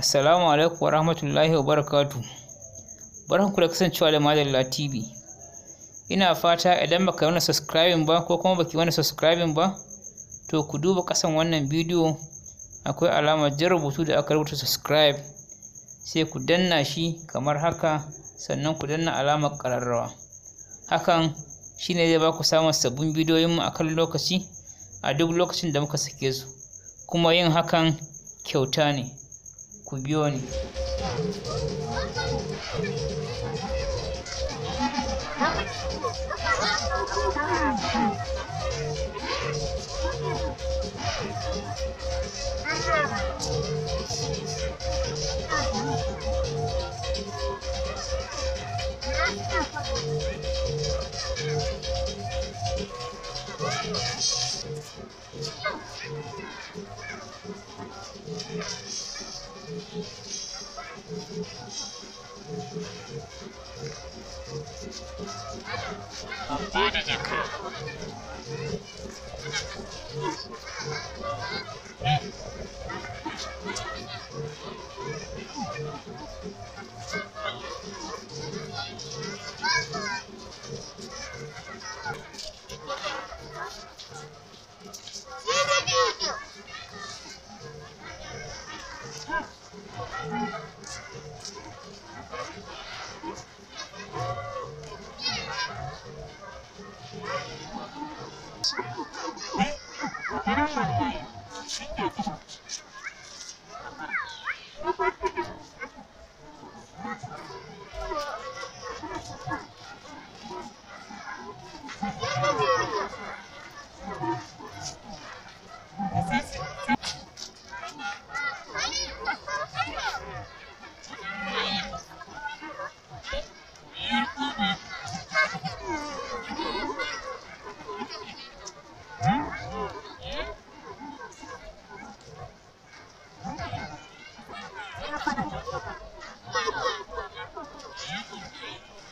Assalamu alaikum wa rahmatullahi wa barakatu. Barkanku da kasancewa da Madalla TV. Ina fata idan baka wani subscribing ba ko kuma baki wani subscribing ba, to ku duba kasan wannan bidiyo akwai alama jan da aka rubuta subscribe sai ku danna shi kamar haka sannan ku danna alamar ƙararrawa. Hakan shine zai baku samun sabbin bidiyoyin bidiyoyinmu akan lokaci a duk lokacin da muka sake su. Kuma yin hakan kyauta ne. kujioni. Thank you. バーディーか。Thank you.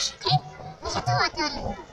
наши, да? Ну, зато одна.